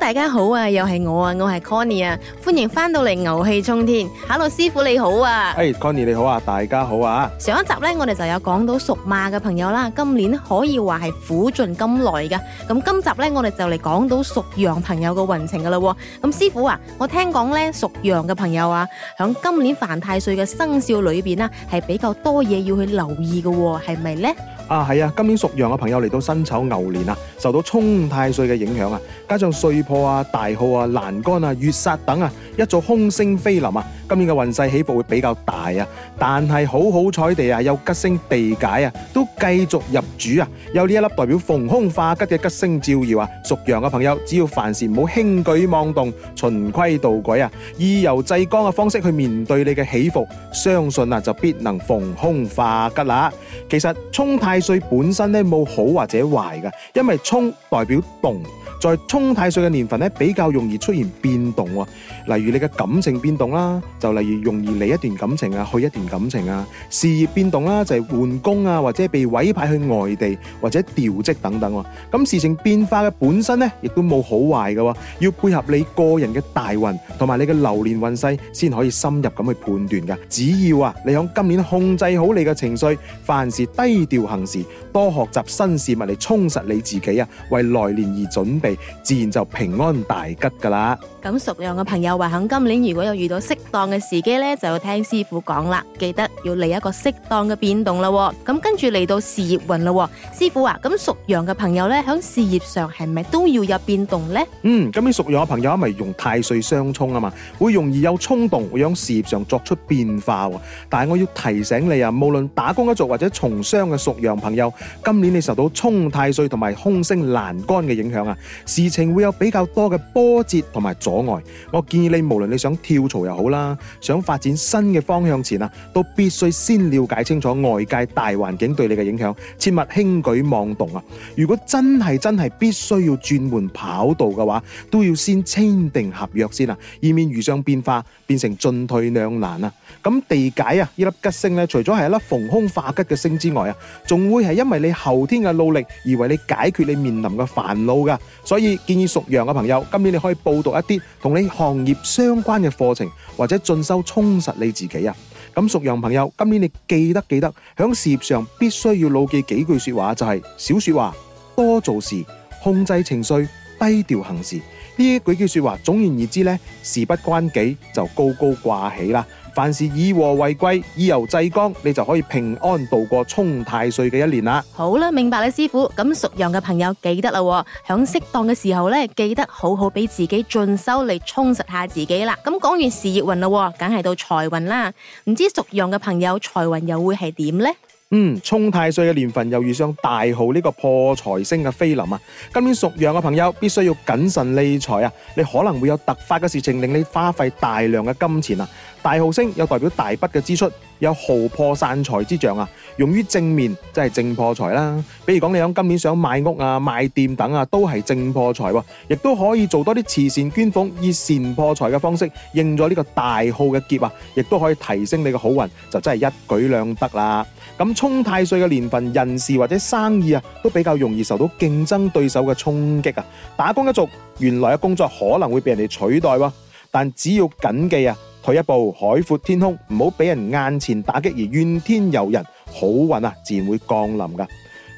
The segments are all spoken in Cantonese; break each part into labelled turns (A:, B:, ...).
A: 大家好啊，又係我啊，我係 Conny 啊，歡迎翻到嚟牛氣沖天，Hello，師傅你好啊，哎、
B: hey, Conny 你好啊，大家好啊，
A: 上一集呢，我哋就有講到屬馬嘅朋友啦，今年可以話係苦盡甘來嘅，咁今集呢，我哋就嚟講到屬羊朋友嘅運程噶啦，咁師傅啊，我聽講咧屬羊嘅朋友啊，響今年犯太歲嘅生肖裏邊咧係比較多嘢要去留意嘅，係咪咧？
B: 啊，係啊！今年屬羊嘅朋友嚟到辛丑牛年啊，受到沖太歲嘅影響啊，加上歲破啊、大耗啊、欄杆啊、月煞等啊，一座空星飛臨啊，今年嘅運勢起伏會比較大啊。但係好好彩地啊，有吉星地解啊，都繼續入主啊。有呢一粒代表逢凶化吉嘅吉星照耀啊，屬羊嘅朋友只要凡事唔好輕舉妄動、循規蹈矩啊，以柔制剛嘅方式去面對你嘅起伏，相信啊就必能逢凶化吉啦、啊。其實沖太歲本身咧冇好或者壞噶，因為沖代表動，在沖太歲嘅年份咧比較容易出現變動，例如你嘅感情變動啦，就例如容易嚟一段感情啊，去一段感情啊，事業變動啦就係換工啊，或者被委派去外地或者調職等等。咁事情變化嘅本身咧亦都冇好壞噶，要配合你個人嘅大運同埋你嘅流年運勢先可以深入咁去判斷噶。只要啊，你響今年控制好你嘅情緒，凡事低調行。同時多學習新事物嚟充實你自己啊，為來年而準備，自然就平安大吉噶啦。
A: 咁屬羊嘅朋友，話響今年如果有遇到適當嘅時機咧，就要聽師傅講啦，記得要嚟一個適當嘅變動啦。咁跟住嚟到事業運啦，師傅啊，咁屬羊嘅朋友咧，響事業上係咪都要有變動咧？
B: 嗯，咁啲屬羊嘅朋友係咪用太歲相沖啊嘛，會容易有衝動，會響事業上作出變化。但係我要提醒你啊，無論打工一族或者從商嘅屬羊，朋友，今年你受到沖太歲同埋空星欄杆嘅影響啊，事情會有比較多嘅波折同埋阻礙。我建議你無論你想跳槽又好啦，想發展新嘅方向前啊，都必須先了解清楚外界大環境對你嘅影響，切勿輕舉妄動啊！如果真係真係必須要轉換跑道嘅話，都要先簽訂合約先啊，以免遇上變化變成進退兩難啊！咁地解啊，呢粒吉星咧，除咗係一粒逢凶化吉嘅星之外啊，唔會係因為你後天嘅努力而為你解決你面臨嘅煩惱噶，所以建議屬羊嘅朋友，今年你可以報讀一啲同你行業相關嘅課程，或者進修充實你自己啊。咁屬羊朋友，今年你記得記得響事業上必須要牢記幾句說話，就係少說話，多做事，控制情緒，低調行事。呢一句說話，總而言之呢，事不關己就高高掛起啦。凡事以和為貴，以柔制剛，你就可以平安度過沖太歲嘅一年啦。
A: 好啦，明白啦，師傅。咁屬羊嘅朋友記得啦，喺適當嘅時候呢，記得好好俾自己進修嚟充實下自己啦。咁講完事業運啦，梗係到財運啦。唔知屬羊嘅朋友財運又會係點呢？
B: 嗯，衝太歲嘅年份又遇上大號呢個破財星嘅飛臨啊！今年屬羊嘅朋友必須要謹慎理財啊！你可能會有突發嘅事情令你花費大量嘅金錢啊！大號星又代表大筆嘅支出，有耗破散財之象啊！用於正面即係正破財啦，比如講你響今年想賣屋啊、賣店等啊，都係正破財喎、啊。亦都可以做多啲慈善捐款，以善破財嘅方式應咗呢個大號嘅劫啊！亦都可以提升你嘅好運，就真係一舉兩得啦！咁、嗯。沖太歲嘅年份，人事或者生意啊，都比較容易受到競爭對手嘅衝擊啊。打工一族原來嘅工作可能會被人哋取代，但只要謹記啊，退一步海闊天空，唔好俾人眼前打擊而怨天尤人，好運啊自然會降臨噶。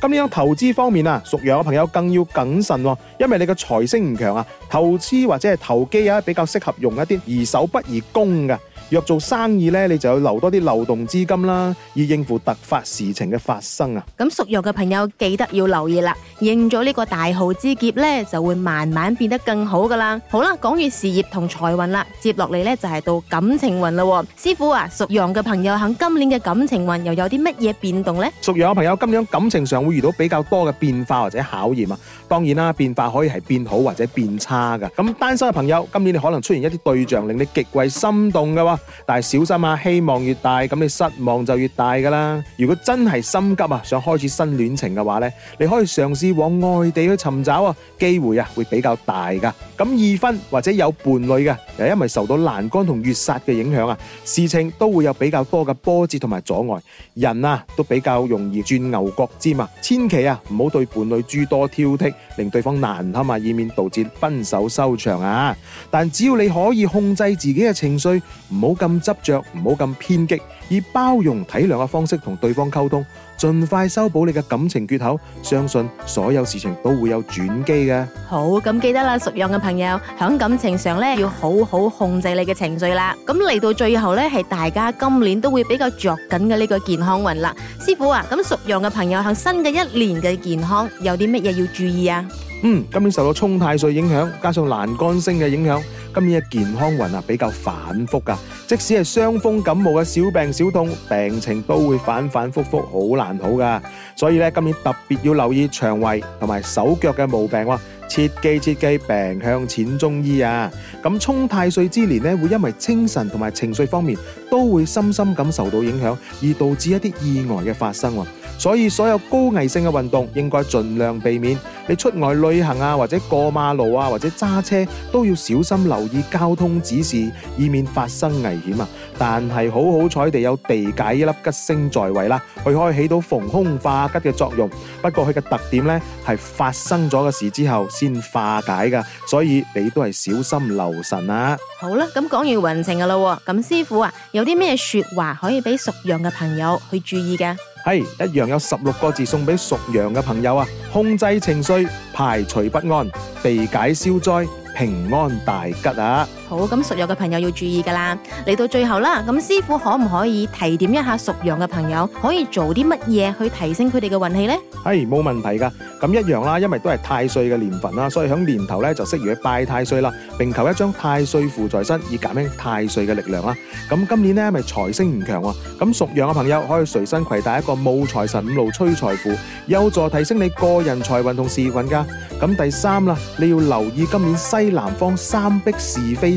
B: 咁樣投資方面啊，屬羊嘅朋友更要謹慎，因為你嘅財星唔強啊，投資或者係投機啊，比較適合用一啲宜守不宜攻嘅。若做生意呢，你就要留多啲流動資金啦，以應付突發事情嘅發生啊！
A: 咁屬羊嘅朋友記得要留意啦，應咗呢個大耗之劫呢，就會慢慢變得更好噶啦。好啦，講完事業同財運啦，接落嚟呢就係到感情運咯。師傅啊，屬羊嘅朋友喺今年嘅感情運又有啲乜嘢變動呢？
B: 屬羊嘅朋友今年感情上會遇到比較多嘅變化或者考驗啊。當然啦，變化可以係變好或者變差噶。咁單身嘅朋友，今年你可能出現一啲對象令你極為心動嘅話。但係小心啊，希望越大，咁你失望就越大噶啦。如果真係心急啊，想開始新戀情嘅話呢，你可以嘗試往外地去尋找啊，機會啊會比較大噶。咁二婚或者有伴侶嘅，又因為受到欄杆同月殺嘅影響啊，事情都會有比較多嘅波折同埋阻礙。人啊都比較容易轉牛角尖啊，千祈啊唔好對伴侶諸多挑剔，令對方難堪啊，以免導致分手收場啊。但只要你可以控制自己嘅情緒，唔好咁執着，唔好咁偏激，以包容體諒嘅方式同對方溝通，盡快修補你嘅感情缺口。相信所有事情都會有轉機嘅。
A: 好，咁記得啦，屬羊嘅朋友響感情上咧，要好好控制你嘅情緒啦。咁嚟到最後咧，係大家今年都會比較着緊嘅呢個健康運啦。師傅啊，咁屬羊嘅朋友響新嘅一年嘅健康有啲乜嘢要注意啊？
B: 嗯，今年受到沖太歲影響，加上欄杆星嘅影響。今年嘅健康運啊，比較反覆噶，即使係傷風感冒嘅小病小痛，病情都會反反复复，好難好噶。所以咧，今年特別要留意腸胃同埋手腳嘅毛病喎，切記切記，病向淺中醫啊。咁沖太歲之年咧，會因為精神同埋情緒方面都會深深感受到影響，而導致一啲意外嘅發生。所以所有高危性嘅運動應該盡量避免。你出外旅行啊，或者過馬路啊，或者揸車都要小心留意交通指示，以免發生危險啊。但係好好彩地有地解一粒吉星在位啦、啊，佢可以起到逢凶化吉嘅作用。不過佢嘅特點咧係發生咗嘅事之後先化解噶，所以你都係小心留神啊。
A: 好啦，咁講完運程噶咯，咁師傅啊，有啲咩說話可以俾屬羊嘅朋友去注意嘅？
B: 係，一樣有十六個字送俾屬羊嘅朋友啊！控制情緒，排除不安，避解消災，平安大吉啊！
A: 好，咁屬羊嘅朋友要注意噶啦，嚟到最後啦。咁師傅可唔可以提點一下屬羊嘅朋友可以做啲乜嘢去提升佢哋嘅運氣呢？
B: 係冇問題噶，咁一樣啦，因為都係太歲嘅年份啦，所以響年頭咧就適宜去拜太歲啦，並求一張太歲符在身，以減輕太歲嘅力量啦。咁今年咧咪財星唔強啊，咁屬羊嘅朋友可以隨身攜帶一個武財神五路催財符，有助提升你個人財運同事業運噶。咁第三啦，你要留意今年西南方三壁是非，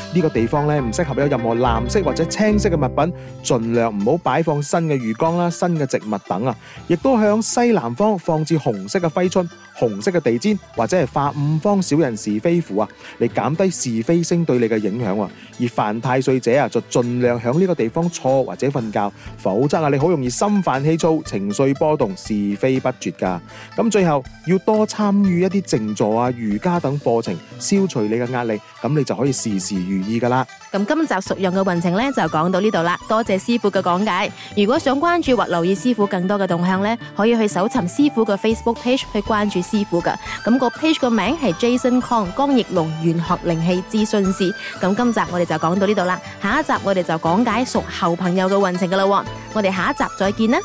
B: 呢個地方咧唔適合有任何藍色或者青色嘅物品，盡量唔好擺放新嘅魚缸啦、新嘅植物等啊。亦都向西南方放置紅色嘅揮春、紅色嘅地氈或者係化五方小人是非符啊，嚟減低是非星對你嘅影響啊。而犯太歲者啊，就盡量響呢個地方坐或者瞓覺，否則啊，你好容易心煩氣躁、情緒波動、是非不絕噶。咁最後要多參與一啲靜坐啊、瑜伽等課程，消除你嘅壓力，咁你就可以時時遇。意噶啦，
A: 咁今集屬羊嘅運程咧就講到呢度啦。多謝師傅嘅講解。如果想關注或留意師傅更多嘅動向咧，可以去搜尋師傅嘅 Facebook page 去關注師傅噶。咁個 page 嘅名係 Jason Kong 江奕龍玄學靈氣諮詢師。咁今集我哋就講到呢度啦，下一集我哋就講解屬猴朋友嘅運程噶啦。我哋下一集再見啦。